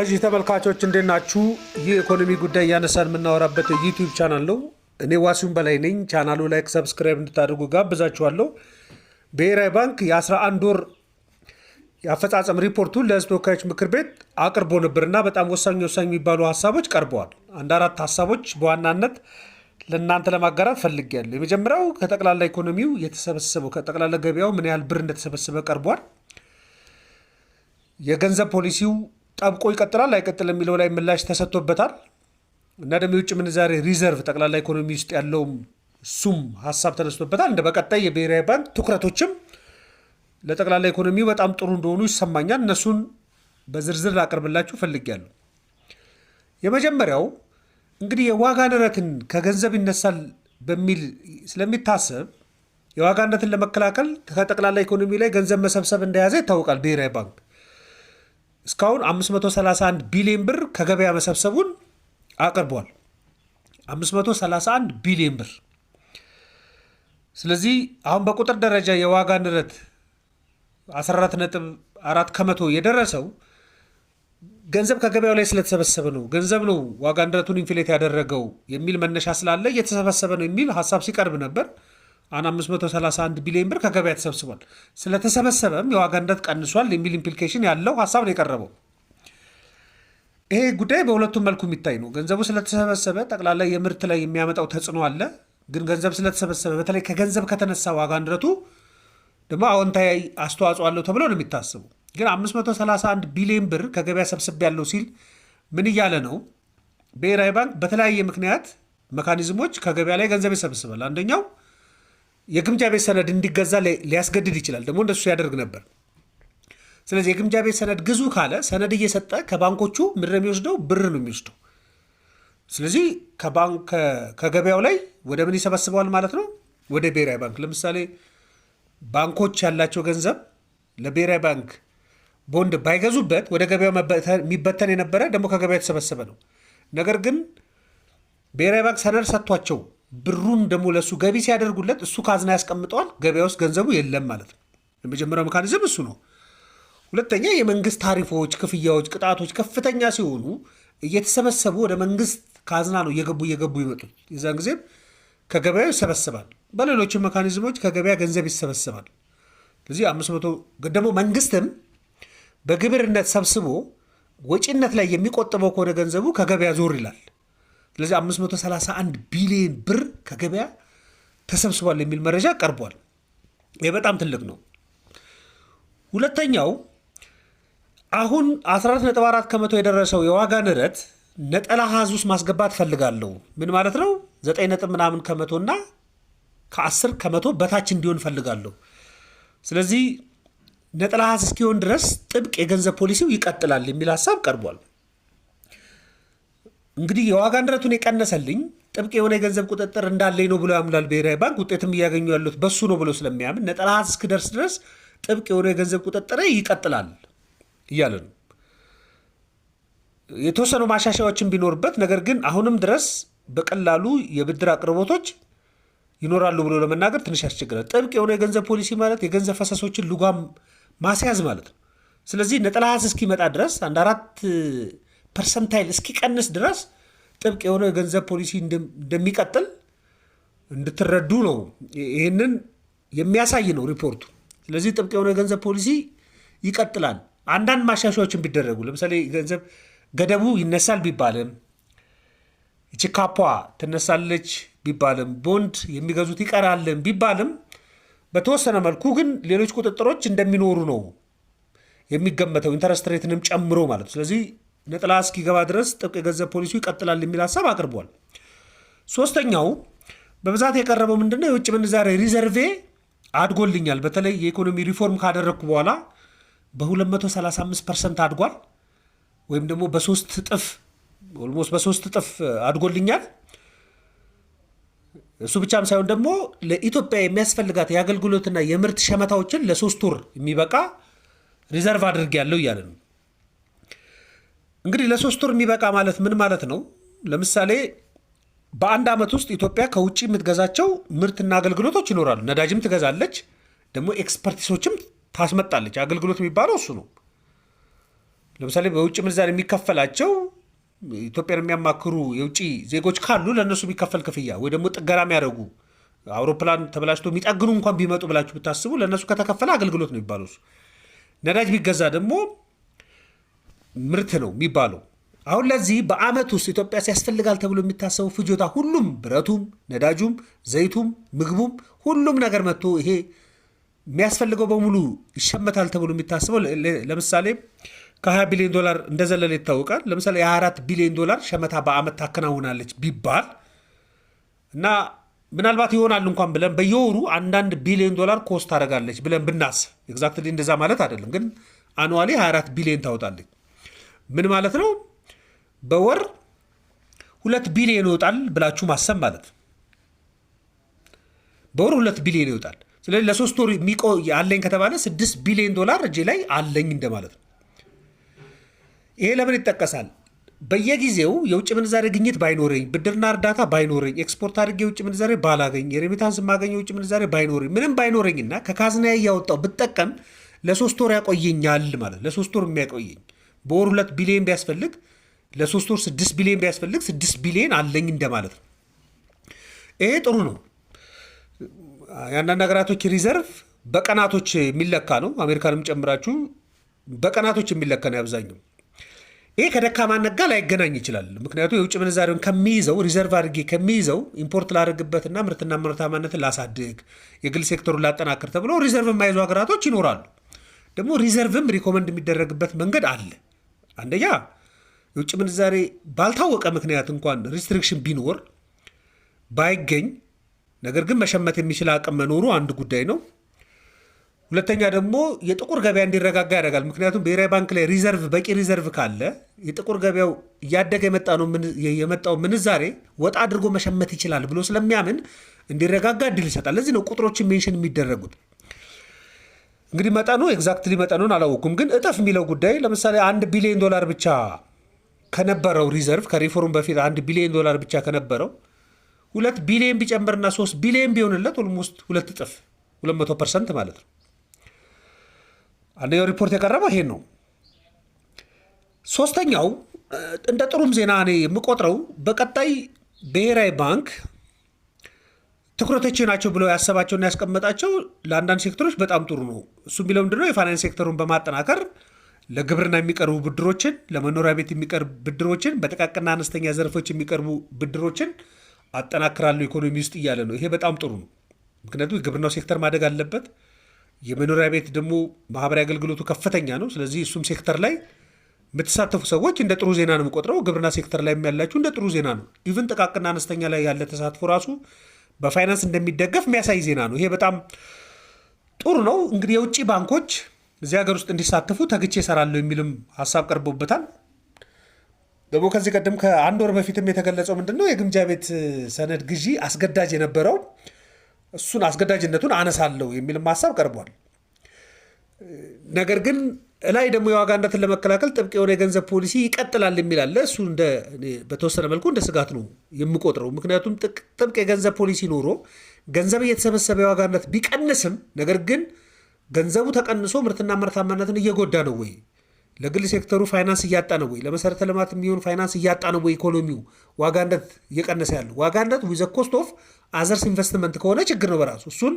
እዚህ ተመልካቾች እንዴት ናችሁ? ይህ ኢኮኖሚ ጉዳይ እያነሳን የምናወራበት ዩቲዩብ ቻናል ነው። እኔ ዋሲሁን በላይ ነኝ። ቻናሉ ላይክ፣ ሰብስክራይብ እንድታደርጉ ጋብዛችኋለሁ። ብሔራዊ ባንክ የ11 ወር የአፈጻጸም ሪፖርቱን ለሕዝብ ተወካዮች ምክር ቤት አቅርቦ ነበርና በጣም ወሳኝ ወሳኝ የሚባሉ ሀሳቦች ቀርበዋል። አንድ አራት ሀሳቦች በዋናነት ለእናንተ ለማጋራት ፈልጌያለሁ። የመጀመሪያው ከጠቅላላ ኢኮኖሚው የተሰበሰበው ከጠቅላላ ገበያው ምን ያህል ብር እንደተሰበሰበ ቀርቧል። የገንዘብ ፖሊሲው ጠብቆ ይቀጥላል አይቀጥል የሚለው ላይ ምላሽ ተሰጥቶበታል። እና ደግሞ የውጭ ምንዛሬ ሪዘርቭ ጠቅላላ ኢኮኖሚ ውስጥ ያለውም እሱም ሀሳብ ተነስቶበታል። እንደ በቀጣይ የብሔራዊ ባንክ ትኩረቶችም ለጠቅላላ ኢኮኖሚው በጣም ጥሩ እንደሆኑ ይሰማኛል። እነሱን በዝርዝር ላቀርብላችሁ ፈልጌያለሁ። የመጀመሪያው እንግዲህ የዋጋ ንረትን ከገንዘብ ይነሳል በሚል ስለሚታሰብ የዋጋ ንረትን ለመከላከል ከጠቅላላ ኢኮኖሚ ላይ ገንዘብ መሰብሰብ እንደያዘ ይታወቃል። ብሔራዊ ባንክ እስካሁን 531 ቢሊዮን ብር ከገበያ መሰብሰቡን አቅርቧል። 531 ቢሊዮን ብር። ስለዚህ አሁን በቁጥር ደረጃ የዋጋ ንረት 14 ነጥብ አራት ከመቶ የደረሰው ገንዘብ ከገበያው ላይ ስለተሰበሰበ ነው፣ ገንዘብ ነው ዋጋ ንረቱን ኢንፍሌት ያደረገው የሚል መነሻ ስላለ እየተሰበሰበ ነው የሚል ሀሳብ ሲቀርብ ነበር። 531 ቢሊዮን ብር ከገበያ ተሰብስቧል። ስለተሰበሰበም የዋጋ ንረት ቀንሷል የሚል ኢምፕሊኬሽን ያለው ሀሳብ ነው የቀረበው። ይሄ ጉዳይ በሁለቱም መልኩ የሚታይ ነው። ገንዘቡ ስለተሰበሰበ ጠቅላላ የምርት ላይ የሚያመጣው ተጽዕኖ አለ። ግን ገንዘብ ስለተሰበሰበ በተለይ ከገንዘብ ከተነሳ ዋጋ ንረቱ ደግሞ አዎንታዊ አስተዋጽኦ አለው ተብሎ ነው የሚታስበው። ግን 531 ቢሊዮን ብር ከገበያ ሰብስብ ያለው ሲል ምን እያለ ነው? ብሔራዊ ባንክ በተለያየ ምክንያት መካኒዝሞች ከገበያ ላይ ገንዘብ ይሰበስባል። አንደኛው የግምጃ ቤት ሰነድ እንዲገዛ ሊያስገድድ ይችላል። ደግሞ እንደሱ ያደርግ ነበር። ስለዚህ የግምጃ ቤት ሰነድ ግዙ ካለ ሰነድ እየሰጠ ከባንኮቹ ምድር የሚወስደው ብር ነው የሚወስደው። ስለዚህ ከገበያው ላይ ወደ ምን ይሰበስበዋል ማለት ነው? ወደ ብሔራዊ ባንክ። ለምሳሌ ባንኮች ያላቸው ገንዘብ ለብሔራዊ ባንክ ቦንድ ባይገዙበት ወደ ገበያው የሚበተን የነበረ ደግሞ ከገበያ የተሰበሰበ ነው። ነገር ግን ብሔራዊ ባንክ ሰነድ ሰጥቷቸው ብሩን ደግሞ ለእሱ ገቢ ሲያደርጉለት እሱ ካዝና ያስቀምጠዋል። ገበያ ውስጥ ገንዘቡ የለም ማለት ነው። የመጀመሪያው መካኒዝም እሱ ነው። ሁለተኛ የመንግስት ታሪፎች፣ ክፍያዎች፣ ቅጣቶች ከፍተኛ ሲሆኑ እየተሰበሰቡ ወደ መንግስት ካዝና ነው እየገቡ እየገቡ ይመጡት። የዛን ጊዜም ከገበያው ይሰበስባል። በሌሎችም ሜካኒዝሞች ከገበያ ገንዘብ ይሰበስባል። ስለዚህ አምስት መቶ ደግሞ መንግስትም በግብርነት ሰብስቦ ወጪነት ላይ የሚቆጥበው ከሆነ ገንዘቡ ከገበያ ዞር ይላል። ስለዚህ 531 ቢሊዮን ብር ከገበያ ተሰብስቧል የሚል መረጃ ቀርቧል። ይህ በጣም ትልቅ ነው። ሁለተኛው አሁን 14.4 ከመቶ የደረሰው የዋጋ ንረት ነጠላ ሀዝ ውስጥ ማስገባት ፈልጋለሁ ምን ማለት ነው? 9 ነጥብ ምናምን ከመቶና ከ10 ከመቶ በታች እንዲሆን ፈልጋለሁ ስለዚህ ነጠላ እስኪሆን ድረስ ጥብቅ የገንዘብ ፖሊሲው ይቀጥላል የሚል ሀሳብ ቀርቧል። እንግዲህ የዋጋ ንረቱን የቀነሰልኝ ጥብቅ የሆነ የገንዘብ ቁጥጥር እንዳለኝ ነው ብሎ ያምናል ብሔራዊ ባንክ። ውጤትም እያገኙ ያሉት በሱ ነው ብሎ ስለሚያምን ነጠላ ሀስ እስክደርስ ድረስ ጥብቅ የሆነ የገንዘብ ቁጥጥር ይቀጥላል እያለ ነው። የተወሰኑ ማሻሻያዎችን ቢኖርበት፣ ነገር ግን አሁንም ድረስ በቀላሉ የብድር አቅርቦቶች ይኖራሉ ብሎ ለመናገር ትንሽ ያስቸግራል። ጥብቅ የሆነ የገንዘብ ፖሊሲ ማለት የገንዘብ ፈሰሶችን ልጓም ማስያዝ ማለት ነው። ስለዚህ ነጠላ እስኪመጣ ድረስ አንድ አራት ፐርሰንታይል እስኪቀንስ ድረስ ጥብቅ የሆነ የገንዘብ ፖሊሲ እንደሚቀጥል እንድትረዱ ነው። ይህንን የሚያሳይ ነው ሪፖርቱ። ስለዚህ ጥብቅ የሆነ የገንዘብ ፖሊሲ ይቀጥላል። አንዳንድ ማሻሻዎችን ቢደረጉ ለምሳሌ ገንዘብ ገደቡ ይነሳል ቢባልም ቺካፖ ትነሳለች ቢባልም ቦንድ የሚገዙት ይቀራልን ቢባልም በተወሰነ መልኩ ግን ሌሎች ቁጥጥሮች እንደሚኖሩ ነው የሚገመተው ኢንተረስት ሬትንም ጨምሮ ማለት ነው። ስለዚህ ነጥላ እስኪገባ ድረስ ጥብቅ የገንዘብ ፖሊሲው ይቀጥላል የሚል ሀሳብ አቅርቧል። ሶስተኛው በብዛት የቀረበው ምንድነው? የውጭ ምንዛሬ ሪዘርቬ አድጎልኛል። በተለይ የኢኮኖሚ ሪፎርም ካደረግኩ በኋላ በ235 ፐርሰንት አድጓል፣ ወይም ደግሞ በሶስት እጥፍ ኦልሞስት በሶስት እጥፍ አድጎልኛል። እሱ ብቻም ሳይሆን ደግሞ ለኢትዮጵያ የሚያስፈልጋት የአገልግሎትና የምርት ሸመታዎችን ለሶስት ወር የሚበቃ ሪዘርቭ አድርግ ያለው እያለ ነው። እንግዲህ ለሶስት ወር የሚበቃ ማለት ምን ማለት ነው? ለምሳሌ በአንድ ዓመት ውስጥ ኢትዮጵያ ከውጭ የምትገዛቸው ምርትና አገልግሎቶች ይኖራሉ። ነዳጅም ትገዛለች፣ ደግሞ ኤክስፐርቲሶችም ታስመጣለች። አገልግሎት የሚባለው እሱ ነው። ለምሳሌ በውጭ ምንዛሪ የሚከፈላቸው ኢትዮጵያን የሚያማክሩ የውጭ ዜጎች ካሉ ለእነሱ የሚከፈል ክፍያ ወይ ደግሞ ጥገና የሚያደርጉ አውሮፕላን ተበላሽቶ የሚጠግኑ እንኳን ቢመጡ ብላችሁ ብታስቡ ለእነሱ ከተከፈለ አገልግሎት ነው የሚባለው። ነዳጅ ቢገዛ ደግሞ ምርት ነው የሚባለው። አሁን ለዚህ በአመት ውስጥ ኢትዮጵያ ያስፈልጋል ተብሎ የሚታሰበው ፍጆታ ሁሉም ብረቱም፣ ነዳጁም፣ ዘይቱም፣ ምግቡም ሁሉም ነገር መጥቶ ይሄ የሚያስፈልገው በሙሉ ይሸመታል ተብሎ የሚታስበው ለምሳሌ ከ20 ቢሊዮን ዶላር እንደዘለለ ይታወቃል። ለምሳሌ የ24 ቢሊዮን ዶላር ሸመታ በአመት ታከናውናለች ቢባል እና ምናልባት ይሆናል እንኳን ብለን በየወሩ አንዳንድ ቢሊዮን ዶላር ኮስት ታደርጋለች ብለን ብናስብ ኤግዛክትሊ እንደዛ ማለት አይደለም፣ ግን አኑዋሌ 24 ቢሊዮን ታወጣለች። ምን ማለት ነው? በወር ሁለት ቢሊዮን ይወጣል ብላችሁ ማሰብ ማለት በወር ሁለት ቢሊዮን ይወጣል። ስለዚህ ለሶስት ወር አለኝ ከተባለ ስድስት ቢሊዮን ዶላር እጄ ላይ አለኝ እንደማለት ነው። ይሄ ለምን ይጠቀሳል? በየጊዜው የውጭ ምንዛሬ ግኝት ባይኖረኝ፣ ብድርና እርዳታ ባይኖረኝ፣ ኤክስፖርት አድርጌ የውጭ ምንዛሬ ባላገኝ፣ የሬሚታንስ የማገኘ የውጭ ምንዛሬ ባይኖረኝ፣ ምንም ባይኖረኝና ከካዝና እያወጣው ብጠቀም ለሶስት ወር ያቆየኛል ማለት ለሶስት ወር የሚያቆየኝ በወር ሁለት ቢሊዮን ቢያስፈልግ ለሶስት ወር ስድስት ቢሊዮን ቢያስፈልግ ስድስት ቢሊዮን አለኝ እንደማለት ነው። ይሄ ጥሩ ነው። የአንዳንድ ሀገራቶች ሪዘርቭ በቀናቶች የሚለካ ነው። አሜሪካንም ጨምራችሁ በቀናቶች የሚለካ ነው አብዛኛው ይሄ ከደካማነት ጋር ላይገናኝ ይችላል። ምክንያቱ የውጭ ምንዛሪውን ከሚይዘው ሪዘርቭ አድርጌ ከሚይዘው ኢምፖርት ላደርግበትና ምርትና ምርታማነትን ላሳድግ፣ የግል ሴክተሩን ላጠናክር ተብሎ ሪዘርቭ የማይዙ ሀገራቶች ይኖራሉ። ደግሞ ሪዘርቭም ሪኮመንድ የሚደረግበት መንገድ አለ። አንደኛ የውጭ ምንዛሬ ባልታወቀ ምክንያት እንኳን ሪስትሪክሽን ቢኖር ባይገኝ፣ ነገር ግን መሸመት የሚችል አቅም መኖሩ አንድ ጉዳይ ነው። ሁለተኛ ደግሞ የጥቁር ገበያ እንዲረጋጋ ያደርጋል። ምክንያቱም ብሔራዊ ባንክ ላይ ሪዘርቭ በቂ ሪዘርቭ ካለ የጥቁር ገበያው እያደገ የመጣው ምንዛሬ ወጣ አድርጎ መሸመት ይችላል ብሎ ስለሚያምን እንዲረጋጋ እድል ይሰጣል። ለዚህ ነው ቁጥሮችን ሜንሽን የሚደረጉት። እንግዲህ መጠኑ ኤግዛክትሊ መጠኑን አላወኩም፣ ግን እጥፍ የሚለው ጉዳይ ለምሳሌ አንድ ቢሊዮን ዶላር ብቻ ከነበረው ሪዘርቭ ከሪፎርም በፊት አንድ ቢሊዮን ዶላር ብቻ ከነበረው ሁለት ቢሊዮን ቢጨምርና ሶስት ቢሊዮን ቢሆንለት ኦልሞስት ሁለት እጥፍ 200 ፐርሰንት ማለት ነው። አንደኛው ሪፖርት የቀረበው ይሄን ነው። ሶስተኛው እንደ ጥሩም ዜና እኔ የምቆጥረው በቀጣይ ብሔራዊ ባንክ ትኩረቶች ናቸው ብለው ያሰባቸውና ያስቀመጣቸው ለአንዳንድ ሴክተሮች በጣም ጥሩ ነው። እሱ የሚለው ምንድነው የፋይናንስ ሴክተሩን በማጠናከር ለግብርና የሚቀርቡ ብድሮችን፣ ለመኖሪያ ቤት የሚቀርቡ ብድሮችን፣ በጥቃቅና አነስተኛ ዘርፎች የሚቀርቡ ብድሮችን አጠናክራለሁ ኢኮኖሚ ውስጥ እያለ ነው። ይሄ በጣም ጥሩ ነው። ምክንያቱም የግብርናው ሴክተር ማደግ አለበት። የመኖሪያ ቤት ደግሞ ማህበራዊ አገልግሎቱ ከፍተኛ ነው። ስለዚህ እሱም ሴክተር ላይ የምትሳተፉ ሰዎች እንደ ጥሩ ዜና ነው የምቆጥረው። ግብርና ሴክተር ላይ ያላችሁ እንደ ጥሩ ዜና ነው። ኢቭን ጥቃቅና አነስተኛ ላይ ያለ ተሳትፎ ራሱ በፋይናንስ እንደሚደገፍ የሚያሳይ ዜና ነው። ይሄ በጣም ጥሩ ነው። እንግዲህ የውጭ ባንኮች እዚህ ሀገር ውስጥ እንዲሳተፉ ተግቼ እሰራለሁ የሚልም ሀሳብ ቀርቦበታል። ደግሞ ከዚህ ቀደም ከአንድ ወር በፊትም የተገለጸው ምንድን ነው የግምጃ ቤት ሰነድ ግዢ አስገዳጅ የነበረው እሱን አስገዳጅነቱን አነሳለሁ የሚልም ሀሳብ ቀርቧል። ነገር ግን ላይ ደግሞ የዋጋ ንረትን ለመከላከል ጥብቅ የሆነ የገንዘብ ፖሊሲ ይቀጥላል የሚል አለ። እሱ በተወሰነ መልኩ እንደ ስጋት ነው የምቆጥረው። ምክንያቱም ጥብቅ የገንዘብ ፖሊሲ ኖሮ ገንዘብ እየተሰበሰበ የዋጋ ንረት ቢቀንስም ነገር ግን ገንዘቡ ተቀንሶ ምርትና ምርታማነትን እየጎዳ ነው ወይ? ለግል ሴክተሩ ፋይናንስ እያጣ ነው ወይ? ለመሰረተ ልማት የሚሆን ፋይናንስ እያጣ ነው ወይ? ኢኮኖሚው ዋጋ ንረት እየቀነሰ ያለው ዋጋ ንረት ዊዘ ኮስት ኦፍ አዘርስ ኢንቨስትመንት ከሆነ ችግር ነው በራሱ እሱን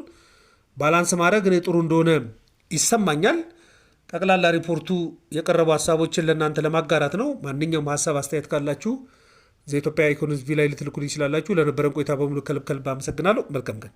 ባላንስ ማድረግ እኔ ጥሩ እንደሆነ ይሰማኛል። ጠቅላላ ሪፖርቱ የቀረቡ ሀሳቦችን ለእናንተ ለማጋራት ነው። ማንኛውም ሀሳብ አስተያየት ካላችሁ ዘኢትዮጵያ ኢኮኖሚ ላይ ልትልኩን ይችላላችሁ። ለነበረን ቆይታ በሙሉ ከልብ ከልብ አመሰግናለሁ። መልካም ቀን